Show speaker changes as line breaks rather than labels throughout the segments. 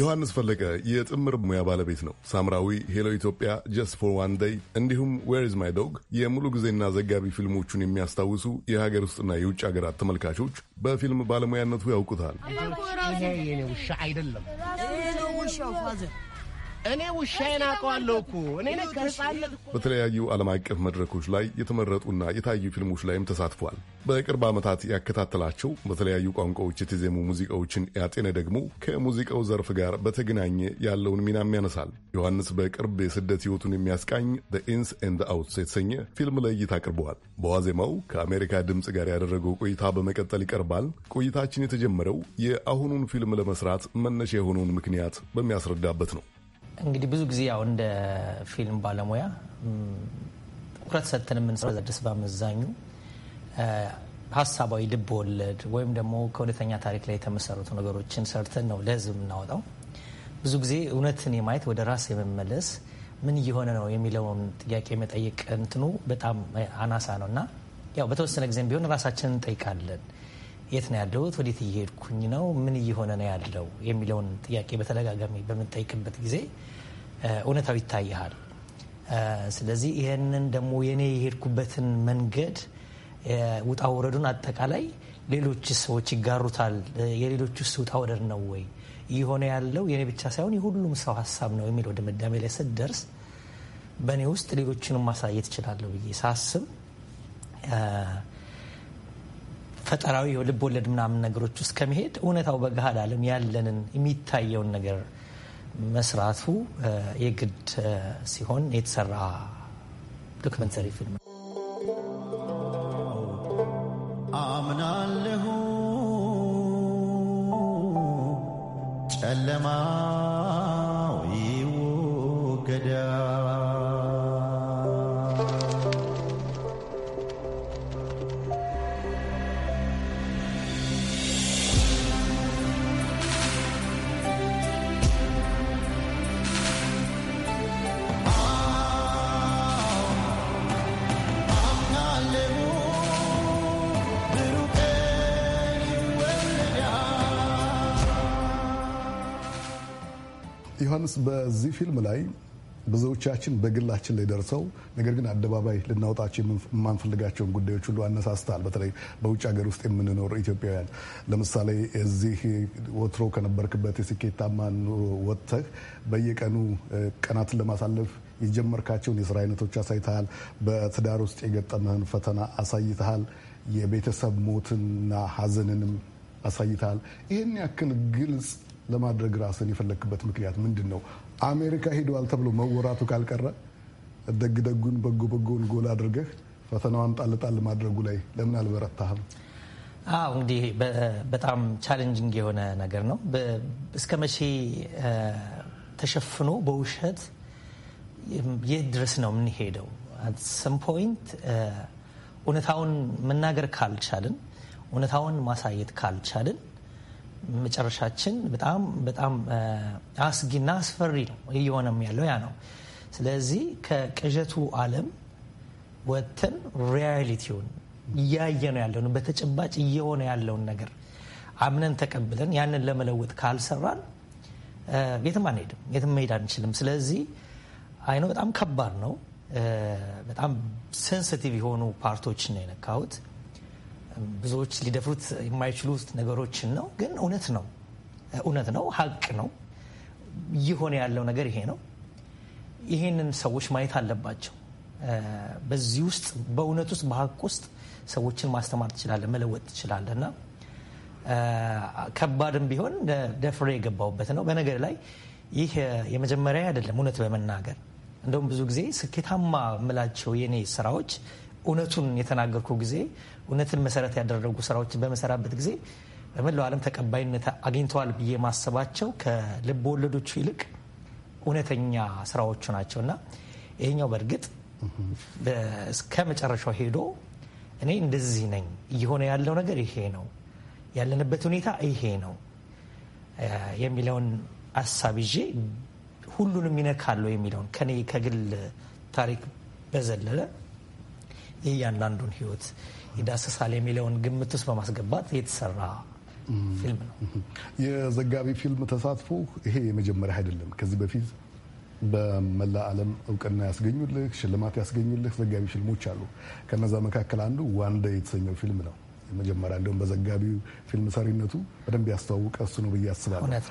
ዮሐንስ ፈለቀ የጥምር ሙያ ባለቤት ነው። ሳምራዊ፣ ሄሎ ኢትዮጵያ፣ ጀስት ፎር ዋን ደይ እንዲሁም ዌር ኢዝ ማይ ዶግ የሙሉ ጊዜና ዘጋቢ ፊልሞቹን የሚያስታውሱ የሀገር ውስጥና የውጭ ሀገራት ተመልካቾች በፊልም ባለሙያነቱ ያውቁታል።
ይሄ የኔ ውሻ አይደለም እኔ ውሻዬን አውቀዋለሁ እኮ እኔ ከህጻነት።
በተለያዩ ዓለም አቀፍ መድረኮች ላይ የተመረጡና የታዩ ፊልሞች ላይም ተሳትፏል። በቅርብ ዓመታት ያከታተላቸው በተለያዩ ቋንቋዎች የተዜሙ ሙዚቃዎችን ያጤነ ደግሞ ከሙዚቃው ዘርፍ ጋር በተገናኘ ያለውን ሚናም ያነሳል። ዮሐንስ በቅርብ የስደት ሕይወቱን የሚያስቃኝ ኢንስ ኤንድ አውትስ የተሰኘ ፊልም ለእይታ አቅርበዋል። በዋዜማው ከአሜሪካ ድምፅ ጋር ያደረገው ቆይታ በመቀጠል ይቀርባል። ቆይታችን የተጀመረው የአሁኑን ፊልም ለመስራት መነሻ የሆነውን ምክንያት በሚያስረዳበት ነው።
እንግዲህ ብዙ ጊዜ ያው እንደ ፊልም ባለሙያ ትኩረት ሰጥተን የምንሰራው ደስ በአመዛኙ ሀሳባዊ ልብ ወለድ ወይም ደግሞ ከእውነተኛ ታሪክ ላይ የተመሰረቱ ነገሮችን ሰርተን ነው ለህዝብ የምናወጣው። ብዙ ጊዜ እውነትን የማየት ወደ ራስ የመመለስ ምን እየሆነ ነው የሚለውን ጥያቄ የመጠየቅ እንትኑ በጣም አናሳ ነው እና ያው በተወሰነ ጊዜም ቢሆን ራሳችንን እንጠይቃለን። የት ነው ያለሁት፣ ወዴት እየሄድኩኝ ነው፣ ምን እየሆነ ነው ያለው የሚለውን ጥያቄ በተደጋጋሚ በምንጠይቅበት ጊዜ እውነታው ይታይሃል። ስለዚህ ይህንን ደግሞ የኔ የሄድኩበትን መንገድ ውጣ ውረዱን አጠቃላይ ሌሎች ሰዎች ይጋሩታል፣ የሌሎች ውስጥ ውጣ ውረድ ነው ወይ እየሆነ ያለው የኔ ብቻ ሳይሆን የሁሉም ሰው ሀሳብ ነው የሚለው ድምዳሜ ላይ ስደርስ በእኔ ውስጥ ሌሎችንም ማሳየት እችላለሁ ብዬ ሳስብ ፈጠራዊ ልብ ወለድ ምናምን ነገሮች ውስጥ ከመሄድ እውነታው በገሃድ ዓለም ያለንን የሚታየውን ነገር መስራቱ የግድ ሲሆን የተሰራ ዶክመንተሪ ፊልም
አምናለሁ ጨለማ
ዮሐንስ በዚህ ፊልም ላይ ብዙዎቻችን በግላችን ላይ ደርሰው ነገር ግን አደባባይ ልናወጣቸው የማንፈልጋቸውን ጉዳዮች ሁሉ አነሳስታል በተለይ በውጭ ሀገር ውስጥ የምንኖር ኢትዮጵያውያን ለምሳሌ እዚህ ወትሮ ከነበርክበት የስኬታማ ኑሮ ወጥተህ በየቀኑ ቀናትን ለማሳለፍ የጀመርካቸውን የስራ አይነቶች አሳይተሃል። በትዳር ውስጥ የገጠመህን ፈተና አሳይተሃል። የቤተሰብ ሞትንና ሀዘንንም አሳይተሃል። ይህን ያክል ግልጽ ለማድረግ ራስን የፈለክበት ምክንያት ምንድን ነው? አሜሪካ ሄደዋል ተብሎ መወራቱ ካልቀረ ደግ ደጉን በጎ በጎን ጎል አድርገህ ፈተናዋን ጣልጣል ማድረጉ ላይ ለምን አልበረታህም?
አዎ እንዲህ በጣም ቻሌንጅንግ የሆነ ነገር ነው። እስከ መቼ ተሸፍኖ በውሸት የት ድረስ ነው የምንሄደው? ሰም ፖይንት እውነታውን መናገር ካልቻልን፣ እውነታውን ማሳየት ካልቻልን መጨረሻችን በጣም በጣም አስጊና አስፈሪ ነው እየሆነም ያለው ያ ነው። ስለዚህ ከቅዠቱ ዓለም ወጥተን ሪያሊቲውን እያየ ነው ያለውን በተጨባጭ እየሆነ ያለውን ነገር አምነን ተቀብለን ያንን ለመለወጥ ካልሰራን የትም አንሄድም፣ የትም መሄድ አንችልም። ስለዚህ አይኖ በጣም ከባድ ነው። በጣም ሴንስቲቭ የሆኑ ፓርቶችን ነው የነካሁት። ብዙዎች ሊደፍሩት የማይችሉ ነገሮችን ነው። ግን እውነት ነው፣ እውነት ነው፣ ሀቅ ነው። እየሆነ ያለው ነገር ይሄ ነው። ይሄንን ሰዎች ማየት አለባቸው። በዚህ ውስጥ በእውነት ውስጥ በሀቅ ውስጥ ሰዎችን ማስተማር ትችላለህ፣ መለወጥ ትችላለ። እና ከባድም ቢሆን ደፍሬ የገባውበት ነው። በነገር ላይ ይህ የመጀመሪያ አይደለም። እውነት በመናገር እንደውም ብዙ ጊዜ ስኬታማ የምላቸው የኔ ስራዎች እውነቱን የተናገርኩ ጊዜ እውነትን መሰረት ያደረጉ ስራዎችን በመሰራበት ጊዜ በመላው ዓለም ተቀባይነት አግኝተዋል ብዬ ማሰባቸው ከልብ ወለዶቹ ይልቅ እውነተኛ ስራዎቹ ናቸው እና ይሄኛው በእርግጥ እስከ መጨረሻው ሄዶ እኔ እንደዚህ ነኝ፣ እየሆነ ያለው ነገር ይሄ ነው፣ ያለንበት ሁኔታ ይሄ ነው የሚለውን አሳብ ይዤ ሁሉንም ይነካለሁ የሚለውን ከኔ ከግል ታሪክ በዘለለ የእያንዳንዱን ህይወት ይዳስሳል የሚለውን ግምት ውስጥ በማስገባት የተሰራ
ፊልም ነው። የዘጋቢ ፊልም ተሳትፎ ይሄ የመጀመሪያ አይደለም። ከዚህ በፊት በመላ ዓለም እውቅና ያስገኙልህ ሽልማት ያስገኙልህ ዘጋቢ ፊልሞች አሉ። ከነዛ መካከል አንዱ ዋንደ የተሰኘው ፊልም ነው። የመጀመሪያ እንዲሁም በዘጋቢው ፊልም ሰሪነቱ በደንብ ያስተዋውቀ እሱ ነው ብዬ አስባለሁ።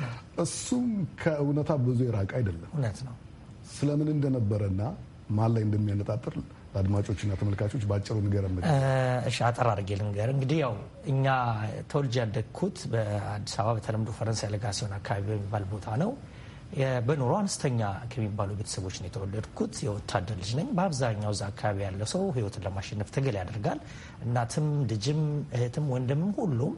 እሱም ከእውነታ ብዙ የራቀ አይደለም። እውነት ነው። ስለምን እንደነበረና ማን ላይ እንደሚያነጣጥር ለአድማጮችና ተመልካቾች በአጭሩ ምድ
እሺ፣ አጠር አድርጌ ልንገር። እንግዲህ ያው እኛ ተወልጄ ያደግኩት በአዲስ አበባ በተለምዶ ፈረንሳይ ለጋሲዮን አካባቢ በሚባል ቦታ ነው። በኑሮ አነስተኛ ከሚባሉ ቤተሰቦች ነው የተወለድኩት። የወታደር ልጅ ነኝ። በአብዛኛው እዛ አካባቢ ያለው ሰው ህይወትን ለማሸነፍ ትግል ያደርጋል። እናትም፣ ልጅም፣ እህትም፣ ወንድምም ሁሉም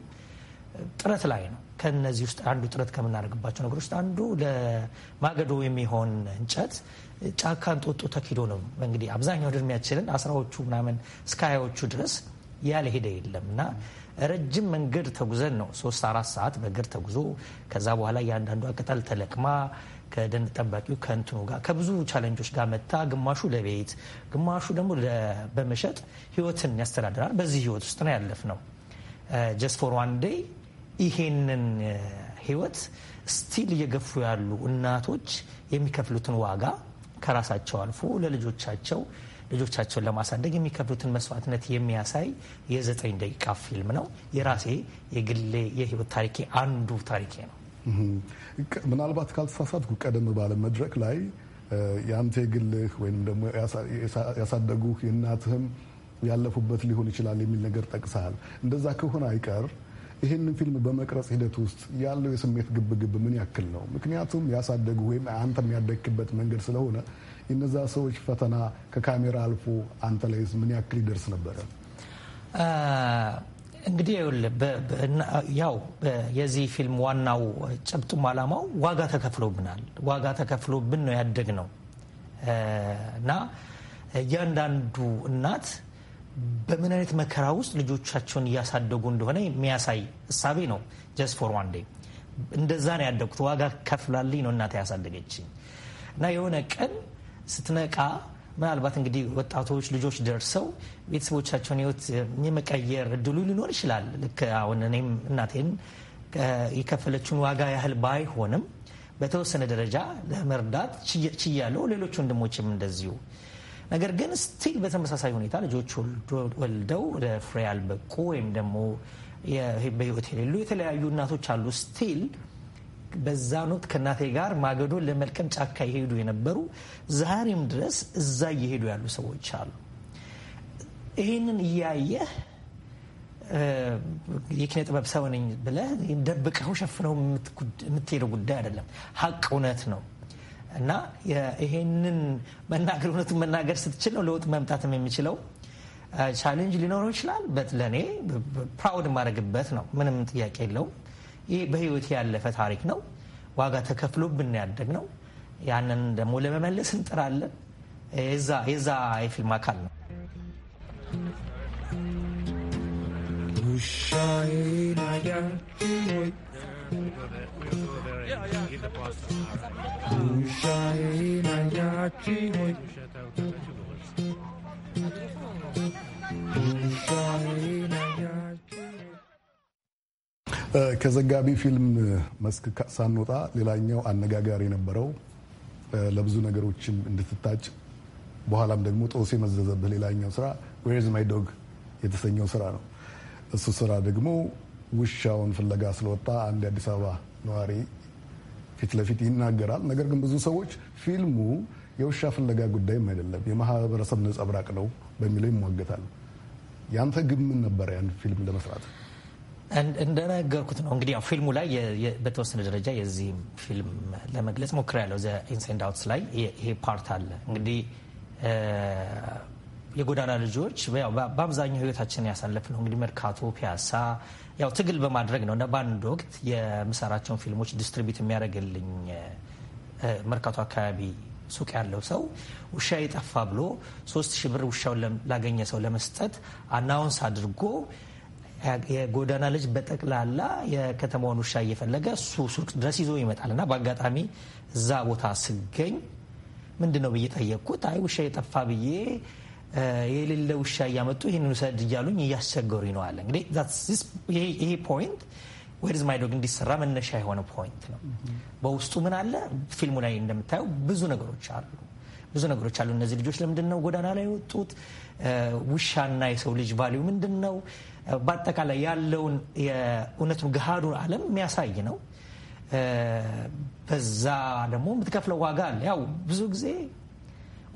ጥረት ላይ ነው። ከነዚህ ውስጥ አንዱ ጥረት ከምናደርግባቸው ነገሮች ውስጥ አንዱ ለማገዶ የሚሆን እንጨት ጫካ እንጦጦ ተኪዶ ነው። እንግዲህ አብዛኛው እድሜያችንን አስራዎቹ ምናምን እስከ ሀያዎቹ ድረስ ያለ ሄደ የለም እና ረጅም መንገድ ተጉዘን ነው ሶስት አራት ሰዓት በእግር ተጉዞ ከዛ በኋላ እያንዳንዷ ቅጠል ተለቅማ ከደን ጠባቂው ከእንትኑ ጋር ከብዙ ቻለንጆች ጋር መታ ግማሹ ለቤት ግማሹ ደግሞ በመሸጥ ህይወትን ያስተዳድራል። በዚህ ህይወት ውስጥ ነው ያለፍ ነው ጀስት ፎር ዋን ዴይ ይሄንን ህይወት ስቲል እየገፉ ያሉ እናቶች የሚከፍሉትን ዋጋ ከራሳቸው አልፎ ለልጆቻቸው ልጆቻቸውን ለማሳደግ የሚከፍሉትን መስዋዕትነት የሚያሳይ የዘጠኝ ደቂቃ ፊልም ነው። የራሴ የግሌ የህይወት ታሪኬ አንዱ ታሪኬ ነው።
ምናልባት ካልተሳሳትኩ ቀደም ባለ መድረክ ላይ የአንተ የግልህ ወይም ደግሞ ያሳደጉህ የእናትህም ያለፉበት ሊሆን ይችላል የሚል ነገር ጠቅሰሃል። እንደዛ ከሆነ አይቀር ይህንን ፊልም በመቅረጽ ሂደት ውስጥ ያለው የስሜት ግብግብ ምን ያክል ነው? ምክንያቱም ያሳደጉ ወይም አንተ የሚያደግክበት መንገድ ስለሆነ የነዛ ሰዎች ፈተና ከካሜራ አልፎ አንተ ላይ ምን ያክል ይደርስ ነበረ?
እንግዲህ ያው የዚህ ፊልም ዋናው ጭብጡም አላማው ዋጋ ተከፍሎብናል። ዋጋ ተከፍሎብን ነው ያደግ ነው እና እያንዳንዱ እናት በምን አይነት መከራ ውስጥ ልጆቻቸውን እያሳደጉ እንደሆነ የሚያሳይ እሳቤ ነው። ጀስት ፎር ዋን ዴይ እንደዛ ነው ያደግኩት። ዋጋ ከፍላልኝ ነው እናቴ ያሳደገችኝ እና የሆነ ቀን ስትነቃ ምናልባት እንግዲህ ወጣቶች ልጆች ደርሰው ቤተሰቦቻቸውን ህይወት የመቀየር እድሉ ሊኖር ይችላል። ልክ አሁን እኔም እናቴን የከፈለችውን ዋጋ ያህል ባይሆንም በተወሰነ ደረጃ ለመርዳት ችያለሁ። ሌሎች ወንድሞችም እንደዚሁ ነገር ግን ስቲል በተመሳሳይ ሁኔታ ልጆች ወልደው ለፍሬ ያልበቁ ወይም ደግሞ በህይወት የሌሉ የተለያዩ እናቶች አሉ። ስቲል በዛን ወቅት ከእናቴ ጋር ማገዶ ለመልቀም ጫካ የሄዱ የነበሩ ዛሬም ድረስ እዛ እየሄዱ ያሉ ሰዎች አሉ። ይህንን እያየህ የኪነ ጥበብ ሰው ነኝ ብለህ ደብቀው ሸፍነው የምትሄደው ጉዳይ አይደለም። ሀቅ እውነት ነው። እና ይሄንን መናገር እውነቱን መናገር ስትችል ነው ለውጥ መምጣትም የሚችለው። ቻሌንጅ ሊኖረው ይችላል። በት ለእኔ ፕራውድ የማደርግበት ነው። ምንም ጥያቄ የለውም። ይህ በህይወት ያለፈ ታሪክ ነው። ዋጋ ተከፍሎብን ያደግ ነው። ያንን ደግሞ ለመመለስ እንጥራለን። የዛ የፊልም አካል ነው። ውሻዬን
ናያ yeah,
ከዘጋቢ ፊልም መስክ ሳንወጣ ሌላኛው አነጋጋሪ የነበረው ለብዙ ነገሮችም እንድትታጭ በኋላም ደግሞ ጦስ የመዘዘብህ ሌላኛው ስራ ዌርዝ ማይ ዶግ የተሰኘው ስራ ነው። እሱ ስራ ደግሞ ውሻውን ፍለጋ ስለወጣ አንድ የአዲስ አበባ ነዋሪ ፊት ለፊት ይናገራል። ነገር ግን ብዙ ሰዎች ፊልሙ የውሻ ፍለጋ ጉዳይም አይደለም የማህበረሰብ ነጸብራቅ ነው በሚለው ይሟገታል። ያንተ ግብ ምን ያን ፊልም ለመስራት?
እንደነገርኩት ነው እንግዲህ ፊልሙ ላይ በተወሰነ ደረጃ የዚህ ፊልም ለመግለጽ ሞክሬያለሁ። ዘ ኢንስ ኤንድ አውትስ ላይ ይሄ ፓርት አለ እንግዲህ የጎዳና ልጆች በአብዛኛው ህይወታችንን ያሳለፍ ነው እንግዲህ መርካቶ፣ ፒያሳ ያው ትግል በማድረግ ነው እና በአንድ ወቅት የምሰራቸውን ፊልሞች ዲስትሪቢዩት የሚያደርግልኝ መርካቶ አካባቢ ሱቅ ያለው ሰው ውሻ የጠፋ ብሎ ሶስት ሺህ ብር ውሻውን ላገኘ ሰው ለመስጠት አናውንስ አድርጎ የጎዳና ልጅ በጠቅላላ የከተማውን ውሻ እየፈለገ እሱ ሱቅ ድረስ ይዞ ይመጣል እና በአጋጣሚ እዛ ቦታ ስገኝ ምንድን ነው ብዬ ጠየቅኩት። አይ ውሻ የጠፋ ብዬ የሌለ ውሻ እያመጡ ይህንን ውሰድ እያሉኝ እያስቸገሩኝ ነው አለ። እንግዲህ ይሄ ፖይንት ዌርዝ ማይ ዶግ እንዲሰራ መነሻ የሆነ ፖይንት ነው። በውስጡ ምን አለ? ፊልሙ ላይ እንደምታየው ብዙ ነገሮች አሉ። ብዙ ነገሮች አሉ። እነዚህ ልጆች ለምንድን ነው ጎዳና ላይ የወጡት? ውሻና የሰው ልጅ ቫሊዩ ምንድን ነው? በአጠቃላይ ያለውን የእውነቱን ገሃዱን ዓለም የሚያሳይ ነው። በዛ ደግሞ የምትከፍለው ዋጋ አለ። ያው ብዙ ጊዜ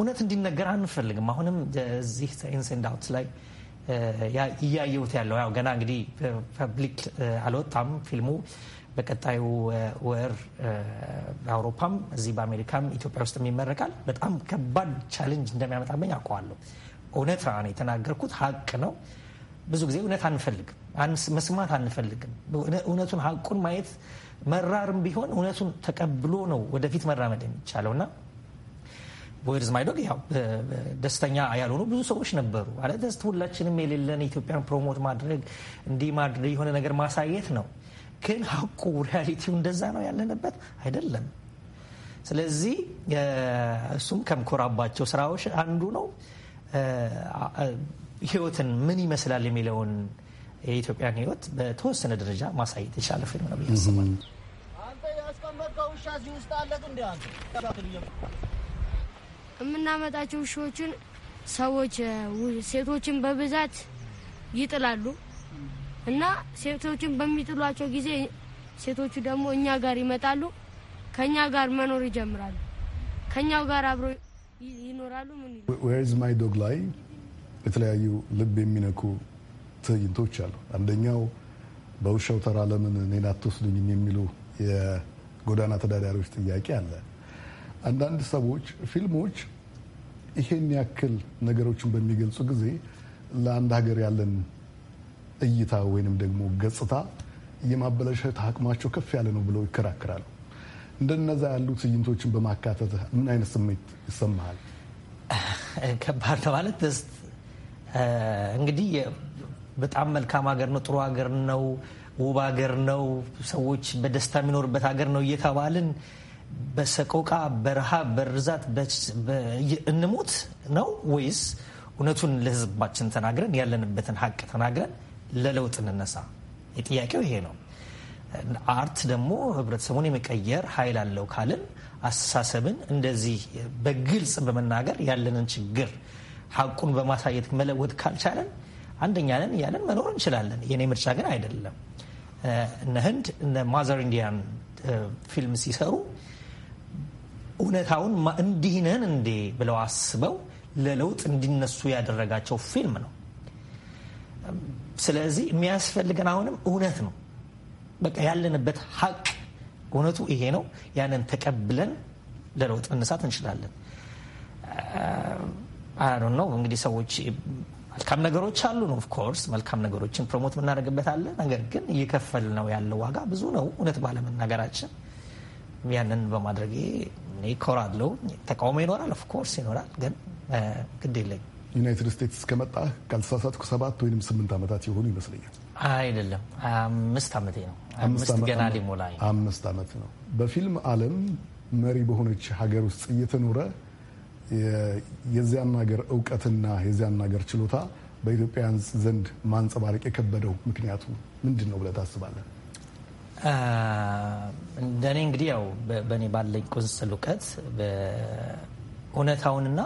እውነት እንዲነገር አንፈልግም። አሁንም እዚህ ኢንሴንድ አውት ላይ እያየሁት ያለው ያው ገና እንግዲህ ፐብሊክ አልወጣም ፊልሙ በቀጣዩ ወር በአውሮፓም እዚህ በአሜሪካም ኢትዮጵያ ውስጥ ይመረቃል በጣም ከባድ ቻሌንጅ እንደሚያመጣብኝ አውቀዋለሁ። እውነት ነው የተናገርኩት፣ ሀቅ ነው። ብዙ ጊዜ እውነት አንፈልግም፣ መስማት አንፈልግም። እውነቱን ሀቁን ማየት መራርም ቢሆን እውነቱን ተቀብሎ ነው ወደፊት መራመድ የሚቻለው እና ቦይርዝ ማይዶግ ያው ደስተኛ ያልሆኑ ብዙ ሰዎች ነበሩ። ደስት ሁላችንም የሌለን ኢትዮጵያን ፕሮሞት ማድረግ እንዲህ ማድረግ የሆነ ነገር ማሳየት ነው። ግን ሀቁ ሪያሊቲው እንደዛ ነው ያለንበት አይደለም። ስለዚህ እሱም ከምኮራባቸው ስራዎች አንዱ ነው። ህይወትን ምን ይመስላል የሚለውን የኢትዮጵያን ህይወት በተወሰነ ደረጃ ማሳየት የቻለ ፊልም ነው ብዬ
የምናመጣቸው ውሾችን ሰዎች ሴቶችን በብዛት ይጥላሉ እና ሴቶችን በሚጥሏቸው ጊዜ ሴቶቹ ደግሞ እኛ ጋር ይመጣሉ። ከእኛ ጋር መኖር ይጀምራሉ። ከእኛው ጋር አብሮ ይኖራሉ።
ዌርዝ ማይ ዶግ ላይ የተለያዩ ልብ የሚነኩ ትዕይንቶች አሉ። አንደኛው በውሻው ተራ ለምን እኔን አትወስዱኝም የሚሉ የጎዳና ተዳዳሪዎች ጥያቄ አለ። አንዳንድ ሰዎች ፊልሞች ይሄን ያክል ነገሮችን በሚገልጹ ጊዜ ለአንድ ሀገር ያለን እይታ ወይንም ደግሞ ገጽታ የማበላሸት አቅማቸው ከፍ ያለ ነው ብለው ይከራከራሉ። እንደነዛ ያሉ ትዕይንቶችን በማካተት ምን አይነት ስሜት ይሰማሃል? ከባድ ነው ማለት
እንግዲህ በጣም መልካም ሀገር ነው፣ ጥሩ ሀገር ነው፣ ውብ ሀገር ነው፣ ሰዎች በደስታ የሚኖርበት ሀገር ነው እየተባልን በሰቆቃ በረሃ በርዛት እንሙት ነው ወይስ እውነቱን ለህዝባችን ተናግረን ያለንበትን ሀቅ ተናግረን ለለውጥ እንነሳ? የጥያቄው ይሄ ነው። አርት ደግሞ ህብረተሰቡን የመቀየር ኃይል አለው ካልን አስተሳሰብን እንደዚህ በግልጽ በመናገር ያለንን ችግር ሀቁን በማሳየት መለወጥ ካልቻለን አንደኛ ነን እያለን መኖር እንችላለን። የኔ ምርጫ ግን አይደለም። እነ ህንድ እነ ማዘር ኢንዲያን ፊልም ሲሰሩ እውነታውን እንዲህነን እንዴ ብለው አስበው ለለውጥ እንዲነሱ ያደረጋቸው ፊልም ነው። ስለዚህ የሚያስፈልገን አሁንም እውነት ነው። በቃ ያለንበት ሀቅ እውነቱ ይሄ ነው። ያንን ተቀብለን ለለውጥ መነሳት እንችላለን። አሁን ነው እንግዲህ ሰዎች መልካም ነገሮች አሉ ነው ኦፍኮርስ መልካም ነገሮችን ፕሮሞት የምናደርግበት አለ። ነገር ግን እየከፈል ነው ያለው ዋጋ ብዙ ነው እውነት ባለመናገራችን ያንን በማድረጌ ይኮራለሁ። ተቃውሞ ይኖራል፣ ኦፍኮርስ ይኖራል፣
ግን ግድ የለኝ። ዩናይትድ ስቴትስ ከመጣ ካልተሳሳትኩ ሰባት ወይም ስምንት ዓመታት የሆኑ ይመስለኛል። አይደለም አምስት ዓመቴ ነው። አምስት ገና ሊሞላ አምስት ዓመት ነው። በፊልም ዓለም መሪ በሆነች ሀገር ውስጥ እየተኖረ የዚያን ሀገር እውቀትና የዚያን ሀገር ችሎታ በኢትዮጵያውያን ዘንድ ማንጸባረቅ የከበደው ምክንያቱ ምንድን ነው ብለህ ታስባለህ?
እንደኔ እንግዲህ ያው በእኔ ባለኝ ቁንስል እውቀት እውነታውንና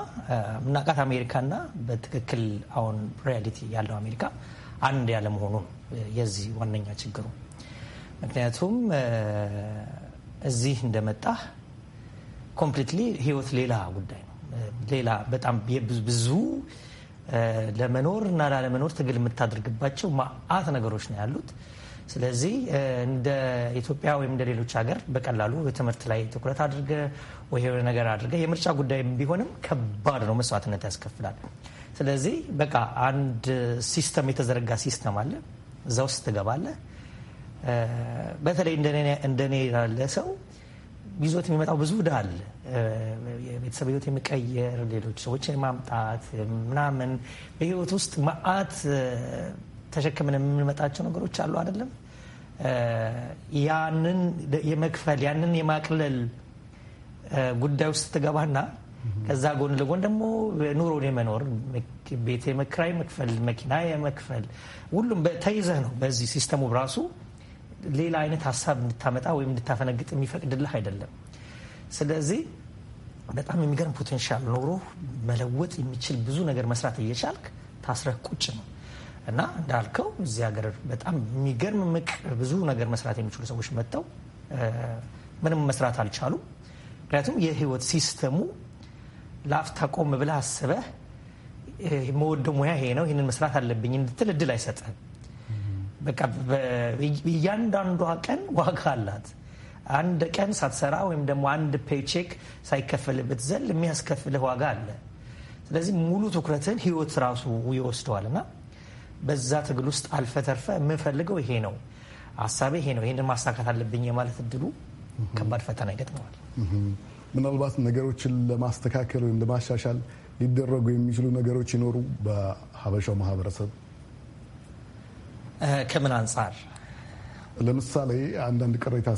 ምናቃት አሜሪካና በትክክል አሁን ሪያሊቲ ያለው አሜሪካ አንድ ያለመሆኑ የዚህ ዋነኛ ችግሩ። ምክንያቱም እዚህ እንደመጣህ ኮምፕሊትሊ ህይወት ሌላ ጉዳይ ነው። ሌላ በጣም ብዙ ለመኖር እና ላለመኖር ትግል የምታደርግባቸው ማአት ነገሮች ነው ያሉት። ስለዚህ እንደ ኢትዮጵያ ወይም እንደ ሌሎች ሀገር በቀላሉ ትምህርት ላይ ትኩረት አድርገ ወይ የሆነ ነገር አድርገ የምርጫ ጉዳይ ቢሆንም ከባድ ነው፣ መስዋዕትነት ያስከፍላል። ስለዚህ በቃ አንድ ሲስተም የተዘረጋ ሲስተም አለ፣ እዛ ውስጥ ትገባለ። በተለይ እንደኔ ያለ ሰው ይዞት የሚመጣው ብዙ ዕዳ አለ። የቤተሰብ ህይወት የሚቀየር ሌሎች ሰዎች የማምጣት ምናምን በህይወት ውስጥ መዓት ተሸክምን የምንመጣቸው ነገሮች አሉ አይደለም። ያንን የመክፈል ያንን የማቅለል ጉዳይ ውስጥ ትገባና ከዛ ጎን ለጎን ደግሞ ኑሮን የመኖር ቤት የመክራይ መክፈል፣ መኪና የመክፈል ሁሉም ተይዘህ ነው። በዚህ ሲስተሙ ራሱ ሌላ አይነት ሀሳብ እንድታመጣ ወይም እንድታፈነግጥ የሚፈቅድልህ አይደለም። ስለዚህ በጣም የሚገርም ፖቴንሻል ኖሮ መለወጥ የሚችል ብዙ ነገር መስራት እየቻልክ ታስረህ ቁጭ ነው። እና እንዳልከው እዚህ ሀገር በጣም የሚገርም ምቅ ብዙ ነገር መስራት የሚችሉ ሰዎች መጥተው ምንም መስራት አልቻሉ ምክንያቱም የህይወት ሲስተሙ ለአፍታ ቆም ብለህ አስበህ መወደ ሙያ ይሄ ነው ይህንን መስራት አለብኝ እንድትል እድል አይሰጥህም። በቃ እያንዳንዷ ቀን ዋጋ አላት። አንድ ቀን ሳትሰራ ወይም ደግሞ አንድ ፔቼክ ሳይከፈልበት ዘል የሚያስከፍልህ ዋጋ አለ። ስለዚህ ሙሉ ትኩረትን ህይወት ራሱ ይወስደዋል እና በዛ ትግል ውስጥ አልፈ ተርፈ የምንፈልገው ይሄ ነው፣ ሀሳቤ ይሄ ነው፣ ይህንን ማሳካት አለብኝ የማለት እድሉ ከባድ ፈተና ይገጥመዋል።
ምናልባት ነገሮችን ለማስተካከል ወይም ለማሻሻል ሊደረጉ የሚችሉ ነገሮች ይኖሩ በሀበሻው ማህበረሰብ
ከምን አንጻር
ለምሳሌ አንዳንድ ቅሬታ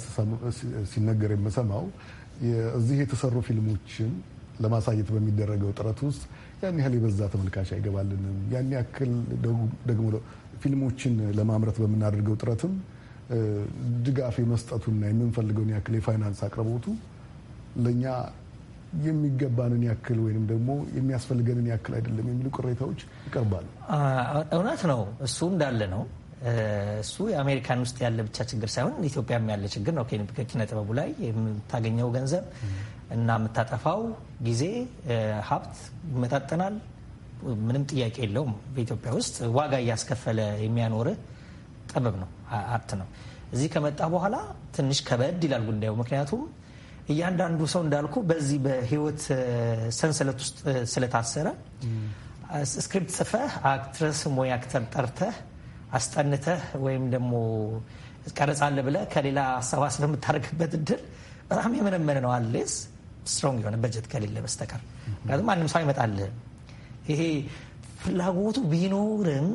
ሲነገር የምሰማው እዚህ የተሰሩ ፊልሞችን ለማሳየት በሚደረገው ጥረት ውስጥ ያን ያህል የበዛ ተመልካች አይገባልንም። ያን ያክል ደግሞ ፊልሞችን ለማምረት በምናደርገው ጥረትም ድጋፍ የመስጠቱና የምንፈልገውን ያክል የፋይናንስ አቅርቦቱ ለእኛ የሚገባንን ያክል ወይም ደግሞ የሚያስፈልገንን ያክል አይደለም የሚሉ ቅሬታዎች ይቀርባሉ።
እውነት ነው። እሱ እንዳለ ነው። እሱ የአሜሪካን ውስጥ ያለ ብቻ ችግር ሳይሆን ኢትዮጵያም ያለ ችግር ነው። ከኪነ ጥበቡ ላይ የምታገኘው ገንዘብ እና የምታጠፋው ጊዜ፣ ሀብት ይመጣጠናል። ምንም ጥያቄ የለውም። በኢትዮጵያ ውስጥ ዋጋ እያስከፈለ የሚያኖር ጥበብ ነው፣ አርት ነው። እዚህ ከመጣ በኋላ ትንሽ ከበድ ይላል ጉዳዩ። ምክንያቱም እያንዳንዱ ሰው እንዳልኩ በዚህ በህይወት ሰንሰለት ውስጥ ስለታሰረ ስክሪፕት ጽፈህ አክትረስ ወይ አክተር ጠርተህ አስጠንተህ ወይም ደግሞ ቀረጻለ ብለህ ከሌላ አሰባስበህ የምታደርግበት እድል በጣም የመነመነ ነው አሌስ ስትሮንግ የሆነ በጀት ከሌለ በስተቀር ምክንያቱም ማንም ሰው አይመጣልህም። ይሄ ፍላጎቱ ቢኖርም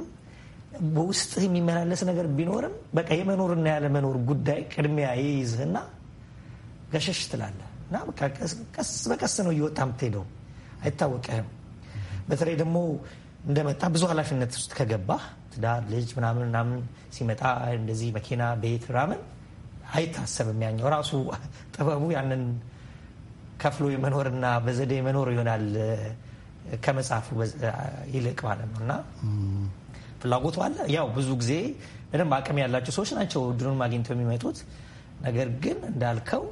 በውስጥህ የሚመላለስ ነገር ቢኖርም በቃ የመኖርና ያለመኖር ጉዳይ ቅድሚያ ይይዝህና ገሸሽ ትላለህ እና ቀስ በቀስ ነው እየወጣ የምትሄደው፣ አይታወቅህም። በተለይ ደግሞ እንደመጣ ብዙ ኃላፊነት ውስጥ ከገባህ ትዳር፣ ልጅ ምናምን ምናምን ሲመጣ እንደዚህ መኪና፣ ቤት ምናምን አይታሰብም። ያኛው ራሱ ጥበቡ ያንን ከፍሎ የመኖርና በዘዴ መኖር ይሆናል ከመጽሐፉ ይልቅ ማለት ነው። እና ፍላጎቱ አለ። ያው ብዙ ጊዜ በደንብ አቅም ያላቸው ሰዎች ናቸው እድሉን አግኝተው የሚመጡት። ነገር ግን እንዳልከው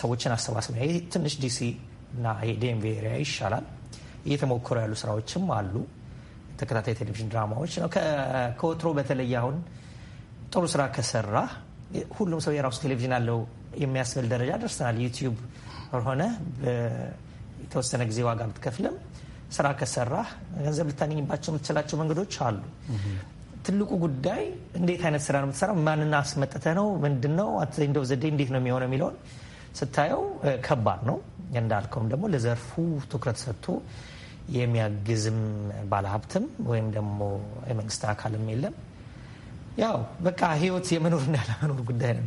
ሰዎችን አሰባስበ ትንሽ ዲሲ እና ዴንቪ ኤሪያ ይሻላል። እየተሞከሩ ያሉ ስራዎችም አሉ። ተከታታይ ቴሌቪዥን ድራማዎች ነው። ከወትሮ በተለይ አሁን ጥሩ ስራ ከሰራ ሁሉም ሰው የራሱ ቴሌቪዥን አለው የሚያስብል ደረጃ ደርሰናል። ዩቲዩብ ሆነ የተወሰነ ጊዜ ዋጋ ብትከፍልም ስራ ከሰራህ ገንዘብ ልታገኝባቸው የምትችላቸው መንገዶች አሉ። ትልቁ ጉዳይ እንዴት አይነት ስራ ነው የምትሰራው? ማንን አስመጥተህ ነው? ምንድን ነው እንደው ዘዴ እንዴት ነው የሚሆነው የሚለውን ስታየው ከባድ ነው። እንዳልከውም ደግሞ ለዘርፉ ትኩረት ሰጥቶ የሚያግዝም ባለሀብትም ወይም ደግሞ የመንግስት አካልም የለም። ያው በቃ ህይወት የመኖርና ያለመኖር ጉዳይ ነው።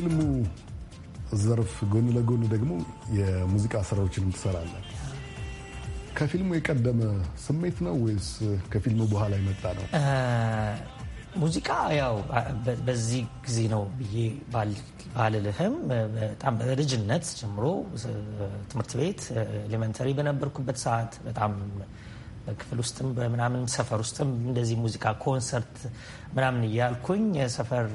ከፊልሙ ዘርፍ ጎን ለጎን ደግሞ የሙዚቃ ስራዎችንም እንሰራለን። ከፊልሙ የቀደመ ስሜት ነው ወይስ ከፊልሙ በኋላ የመጣ ነው?
ሙዚቃ ያው በዚህ ጊዜ ነው ብዬ ባልልህም በጣም በልጅነት ጀምሮ ትምህርት ቤት ኤሌመንተሪ በነበርኩበት ሰዓት በጣም በክፍል ውስጥም በምናምን ሰፈር ውስጥም እንደዚህ ሙዚቃ ኮንሰርት ምናምን እያልኩኝ ሰፈር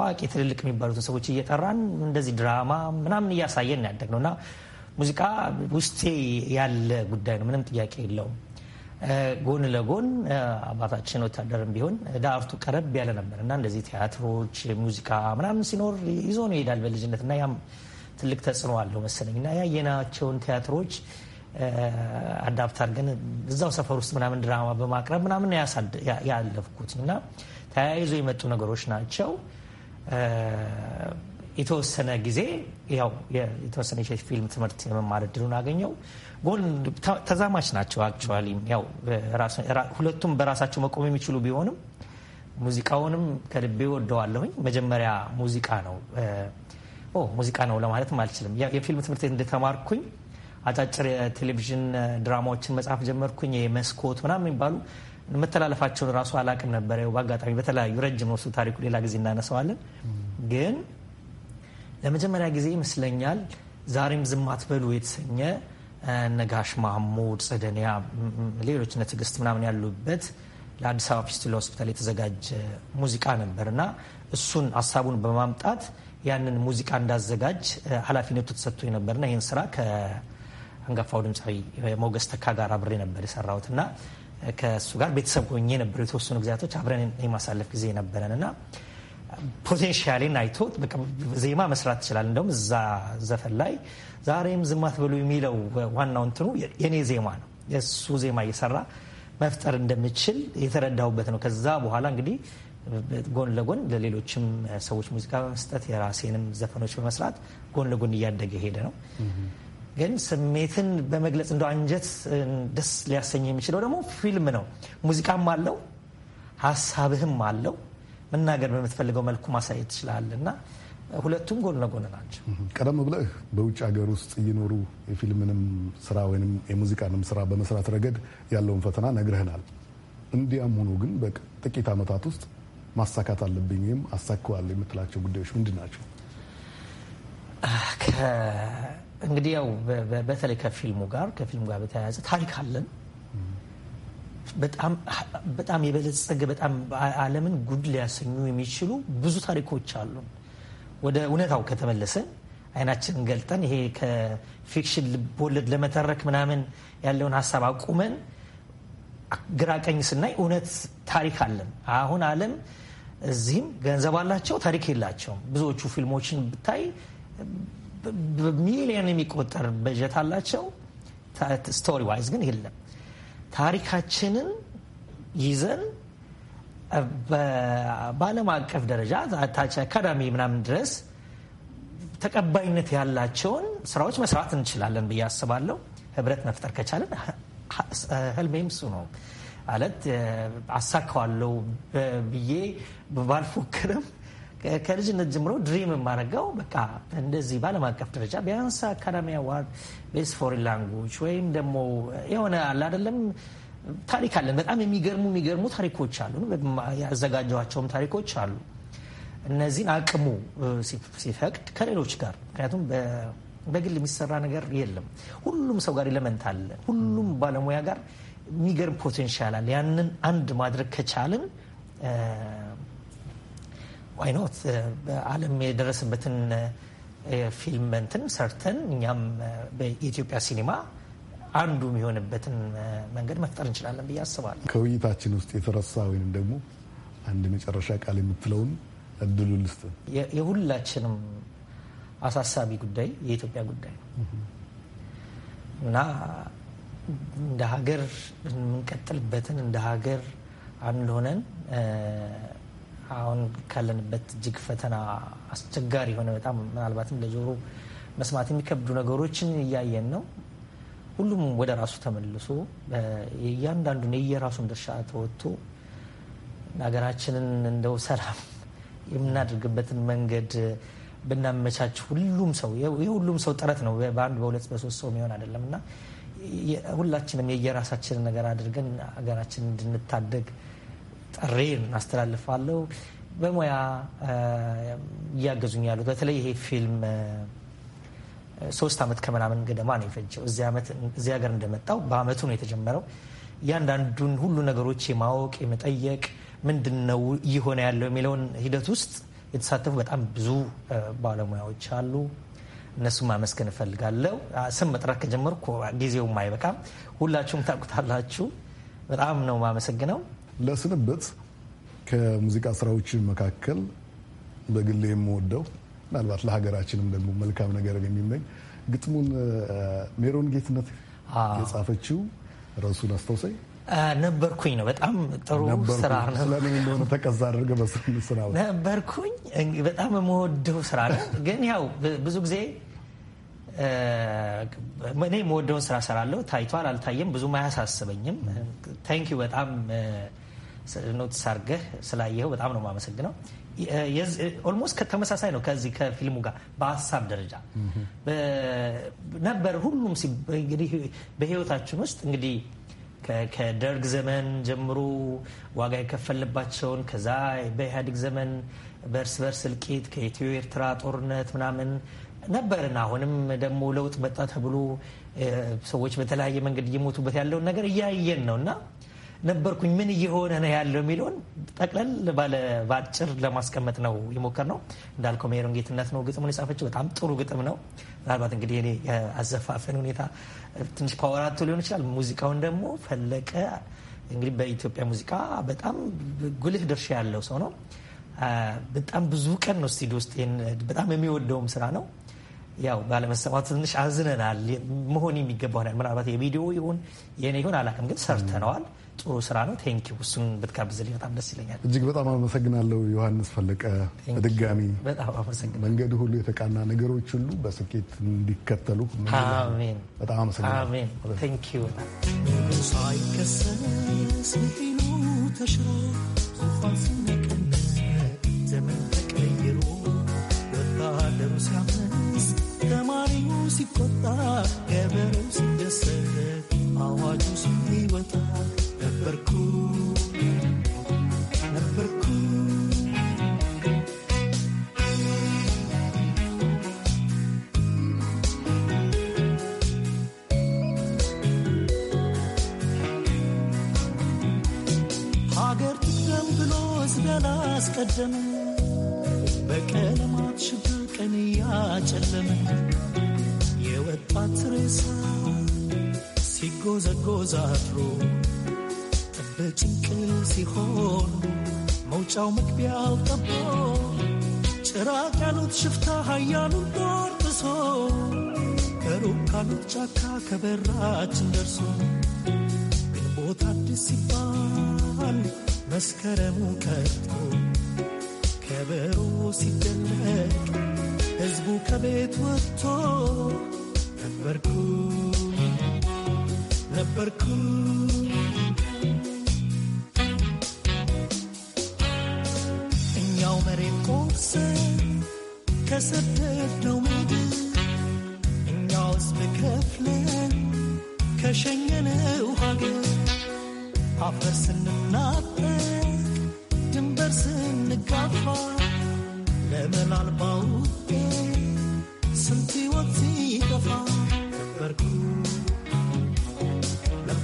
አዋቂ ትልልቅ የሚባሉትን ሰዎች እየጠራን እንደዚህ ድራማ ምናምን እያሳየን ያደግ ነው እና ሙዚቃ ውስጤ ያለ ጉዳይ ነው፣ ምንም ጥያቄ የለውም። ጎን ለጎን አባታችን ወታደርም ቢሆን ዳርቱ ቀረብ ያለ ነበር እና እንደዚህ ቲያትሮች፣ ሙዚቃ ምናምን ሲኖር ይዞ ነው ይሄዳል በልጅነት እና ያም ትልቅ ተጽዕኖ አለው መሰለኝ እና ያየናቸውን ቲያትሮች አዳፕት እዛው ሰፈር ውስጥ ምናምን ድራማ በማቅረብ ምናምን ያለፍኩት እና ተያይዞ የመጡ ነገሮች ናቸው። የተወሰነ ጊዜ ያው የተወሰነ ፊልም ትምህርት የመማር እድሉን አገኘው። ጎን ተዛማች ናቸው። አክቹዋሊም ያው ሁለቱም በራሳቸው መቆም የሚችሉ ቢሆንም ሙዚቃውንም ከልቤ ወደዋለሁኝ። መጀመሪያ ሙዚቃ ነው ሙዚቃ ነው ለማለትም አልችልም። የፊልም ትምህርት እንደተማርኩኝ አጫጭር የቴሌቪዥን ድራማዎችን መጽሐፍ ጀመርኩኝ። የመስኮት ምናምን የሚባሉ መተላለፋቸውን ራሱ አላቅም ነበረ። በአጋጣሚ በተለያዩ ረጅም ነው ታሪኩ፣ ሌላ ጊዜ እናነሰዋለን። ግን ለመጀመሪያ ጊዜ ይመስለኛል ዛሬም ዝማት በሉ የተሰኘ ነጋሽ ማህሙድ፣ ጸደኒያ፣ ሌሎች እነ ምናምን ያሉበት ለአዲስ አበባ ፊስቱላ ሆስፒታል የተዘጋጀ ሙዚቃ ነበር እና እሱን ሀሳቡን በማምጣት ያንን ሙዚቃ እንዳዘጋጅ ኃላፊነቱ ተሰጥቶ ነበርና ይህን ስራ ከአንጋፋው ድምፃዊ ሞገስ ተካ ጋር አብሬ ነበር የሰራሁት እና ከእሱ ጋር ቤተሰብ ሆኜ ነበር። የተወሰኑ ጊዜያቶች አብረን የማሳለፍ ጊዜ ነበረን እና ፖቴንሻሌን አይቶ ዜማ መስራት ይችላል። እንደውም እዛ ዘፈን ላይ ዛሬም ዝም አትበሉ የሚለው ዋናው እንትኑ የኔ ዜማ ነው። የእሱ ዜማ እየሰራ መፍጠር እንደምችል የተረዳሁበት ነው። ከዛ በኋላ እንግዲህ ጎን ለጎን ለሌሎችም ሰዎች ሙዚቃ በመስጠት የራሴንም ዘፈኖች በመስራት ጎን ለጎን እያደገ ሄደ ነው። ግን ስሜትን በመግለጽ እንደ አንጀት ደስ ሊያሰኝ የሚችለው ደግሞ ፊልም ነው። ሙዚቃም አለው፣ ሀሳብህም አለው። መናገር በምትፈልገው መልኩ ማሳየት ትችላለህ እና ሁለቱም ጎን ለጎን ናቸው።
ቀደም ብለህ በውጭ ሀገር ውስጥ እየኖሩ የፊልምንም ስራ ወይም የሙዚቃንም ስራ በመስራት ረገድ ያለውን ፈተና ነግረህናል። እንዲያም ሆኖ ግን በጥቂት ዓመታት ውስጥ ማሳካት አለብኝ ወይም አሳክዋል የምትላቸው ጉዳዮች ምንድን ናቸው?
እንግዲህ ያው በተለይ ከፊልሙ ጋር ከፊልሙ ጋር በተያያዘ ታሪክ አለን። በጣም የበለጸገ በጣም ዓለምን ጉድ ሊያሰኙ የሚችሉ ብዙ ታሪኮች አሉ። ወደ እውነታው ከተመለሰ አይናችንን ገልጠን ይሄ ከፊክሽን ልቦለድ ለመተረክ ምናምን ያለውን ሀሳብ አቁመን ግራቀኝ ስናይ እውነት ታሪክ አለን። አሁን ዓለም እዚህም ገንዘብ አላቸው፣ ታሪክ የላቸውም። ብዙዎቹ ፊልሞችን ብታይ በሚሊዮን የሚቆጠር በጀት አላቸው። ስቶሪ ዋይዝ ግን የለም። ታሪካችንን ይዘን በዓለም አቀፍ ደረጃ ታች አካዳሚ ምናምን ድረስ ተቀባይነት ያላቸውን ስራዎች መስራት እንችላለን ብዬ አስባለሁ። ህብረት መፍጠር ከቻለን ህልሜም እሱ ነው ማለት አሳካዋለሁ ብዬ ባልፎክርም ከልጅነት ጀምሮ ድሪም የማደርገው በቃ እንደዚህ በዓለም አቀፍ ደረጃ ቢያንስ አካዳሚ አዋርድ ቤስት ፎሪን ላንጉጅ ወይም ደግሞ የሆነ አለ አይደለም ታሪክ አለን። በጣም የሚገርሙ የሚገርሙ ታሪኮች አሉ፣ ያዘጋጀኋቸውም ታሪኮች አሉ። እነዚህን አቅሙ ሲፈቅድ ከሌሎች ጋር ምክንያቱም በግል የሚሰራ ነገር የለም። ሁሉም ሰው ጋር ኤሌመንት አለ። ሁሉም ባለሙያ ጋር የሚገርም ፖቴንሻል አለ። ያንን አንድ ማድረግ ከቻልን ዋይኖት uh, በዓለም የደረሰበትን uh, ፊልም እንትን ሰርተን እኛም uh, በኢትዮጵያ ሲኒማ አንዱ የሚሆንበትን መንገድ መፍጠር እንችላለን ብዬ አስባለሁ።
ከውይይታችን ውስጥ የተረሳ ወይም ደግሞ አንድ መጨረሻ ቃል የምትለውን እድሉ ልስጥ።
የሁላችንም አሳሳቢ ጉዳይ የኢትዮጵያ ጉዳይ ነው እና እንደ ሀገር የምንቀጥልበትን እንደ ሀገር አንድ ሆነን አሁን ካለንበት እጅግ ፈተና አስቸጋሪ የሆነ በጣም ምናልባትም ለጆሮ መስማት የሚከብዱ ነገሮችን እያየን ነው። ሁሉም ወደ ራሱ ተመልሶ እያንዳንዱን የየራሱን ድርሻ ተወጥቶ ሀገራችንን እንደው ሰላም የምናደርግበትን መንገድ ብናመቻች ሁሉም ሰው የሁሉም ሰው ጥረት ነው። በአንድ በሁለት በሶስት ሰው የሚሆን አይደለም እና ሁላችንም የየራሳችንን ነገር አድርገን ሀገራችንን እንድንታደግ ጥሬን አስተላልፋለሁ። በሙያ እያገዙኝ ያሉት በተለይ ይሄ ፊልም ሶስት ዓመት ከምናምን ገደማ ነው የፈጀው። እዚህ ሀገር እንደመጣው በአመቱ ነው የተጀመረው። እያንዳንዱን ሁሉ ነገሮች የማወቅ የመጠየቅ ምንድን ነው እየሆነ ያለው የሚለውን ሂደት ውስጥ የተሳተፉ በጣም ብዙ ባለሙያዎች አሉ። እነሱም ማመስገን እፈልጋለሁ። ስም መጥራት ከጀመርኩ ጊዜውም አይበቃም። ሁላችሁም ታውቁታላችሁ። በጣም ነው ማመሰግነው።
ለስንብት ከሙዚቃ ስራዎች መካከል በግሌ የምወደው ምናልባት ለሀገራችንም ደግሞ መልካም ነገር የሚመኝ ግጥሙን ሜሮን ጌትነት የጻፈችው ረሱን አስታውሰኝ
ነበርኩኝ ነው። በጣም ጥሩ ስራ ነው። ስለምን እንደሆነ
ተቀዛ አድርገ በስራ
ነበርኩኝ በጣም የምወደው ስራ ነው። ግን ያው ብዙ ጊዜ እኔ የምወደውን ስራ ሰራለሁ። ታይቷል አልታየም ብዙም አያሳስበኝም። ታንኪዩ በጣም ኖትስ አድርገህ ስላየኸው በጣም ነው የማመሰግነው። ኦልሞስት ተመሳሳይ ነው ከዚህ ከፊልሙ ጋር በሀሳብ ደረጃ ነበር። ሁሉም እንግዲህ በህይወታችን ውስጥ እንግዲህ ከደርግ ዘመን ጀምሮ ዋጋ የከፈልባቸውን ከዛ በኢህአዴግ ዘመን በእርስ በርስ እልቂት ከኢትዮ ኤርትራ ጦርነት ምናምን ነበርና አሁንም ደግሞ ለውጥ መጣ ተብሎ ሰዎች በተለያየ መንገድ እየሞቱበት ያለውን ነገር እያየን ነው እና ነበርኩኝ ምን እየሆነ ነው ያለው የሚለውን ጠቅለል ባለ ባጭር ለማስቀመጥ ነው የሞከር ነው። እንዳልከው ሜሮን ጌትነት ነው ግጥሙን የጻፈችው። በጣም ጥሩ ግጥም ነው። ምናልባት እንግዲህ እኔ የአዘፋፈን ሁኔታ ትንሽ ፓወራቶ ሊሆን ይችላል። ሙዚቃውን ደግሞ ፈለቀ እንግዲህ በኢትዮጵያ ሙዚቃ በጣም ጉልህ ድርሻ ያለው ሰው ነው። በጣም ብዙ ቀን ነው ስቱዲዮ ውስጥ በጣም የሚወደውም ስራ ነው። ያው ባለመሰማት ትንሽ አዝነናል። መሆን የሚገባው ምናልባት የቪዲዮ ይሁን የኔ ይሁን አላውቅም፣ ግን ሰርተነዋል። ጥሩ ስራ ነው። ቴንኪው። እሱን ብትጋብዝልኝ በጣም ደስ ይለኛል። እጅግ
በጣም አመሰግናለሁ ዮሐንስ ፈለቀ። በድጋሚ በጣም መንገድ ሁሉ የተቃና ነገሮች ሁሉ በስኬት እንዲከተሉ በጣም አመሰግናለሁ።
ቴንኪው። ሳይከሰስ ሄሉ ተሽሮ ዘመን ተቀይሮ ወታደሩ ሲያ ሲቆጣ ገበሬው ሲደሰት አዋጁ ሲወጣ ነበርኩ ነበርኩ ሀገር ትቅደም ብሎ ስደላ አስቀደመ በቀለማት ሽብር ቀን እያጨለመ የወጣት ሬሳ ሲጎዘጎዝ አድሮ በጭንቅል ሲሆን መውጫው መግቢያ ጠቦ ጭራቅ ያሉት ሽፍታ ሀያሉን ጦር ጥሶ ከሩቅ ካሉት ጫካ ከበራችን ደርሶ ግንቦት አዲስ ሲባል መስከረሙ ከርቶ ከበሮ ሲደለቅ ሕዝቡ ከቤት ወጥቶ ነበርኩ ነበርኩ እኛው መሬት ቆርሰ ከሰደደው ሜድ እኛው ህዝብ ከፍለን ከሸኘነው ሀገር አፈር ስንናጠ ድንበር ስንጋፋ ለመላልባው ስንት ሕይወት ይጠፋ parcours, le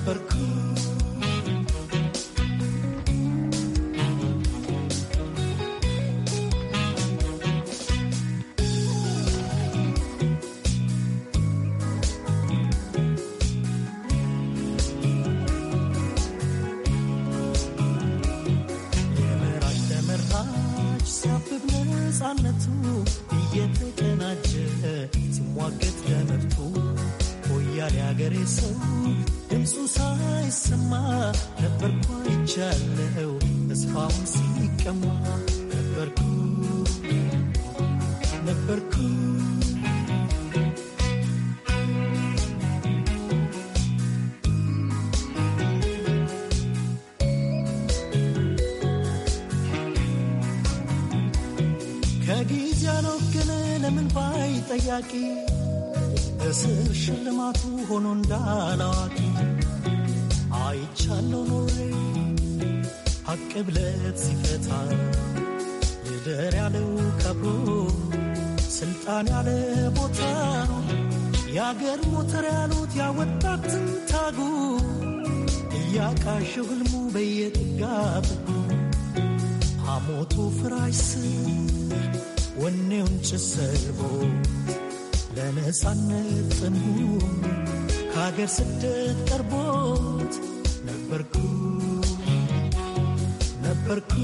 የሀገሬ ሰው ድምፁ ሳይሰማ ነበርኩ አይቻለው ተስፋው ሲቀማ ነበርኩ ነበርኩ ከጊዜ አኖክን ለምን ባይ ጠያቂ ለስር ሽልማቱ ሆኖ እንዳላዋቂ አይቻለው ኖሬ ሀቅ ብለት ሲፈታ ልደር ያለው ከብሮ ስልጣን ያለ ቦታ ነው የአገር ሞተር ያሉት ያወጣትን ታጉ እያቃሽ ህልሙ በየጥጋብ ሐሞቱ ፍራሽ ስር ወኔውን ጭሰልቦ ለነፃነት ጽኑ ከሀገር ስደት ቀርቦት ነበርኩ ነበርኩ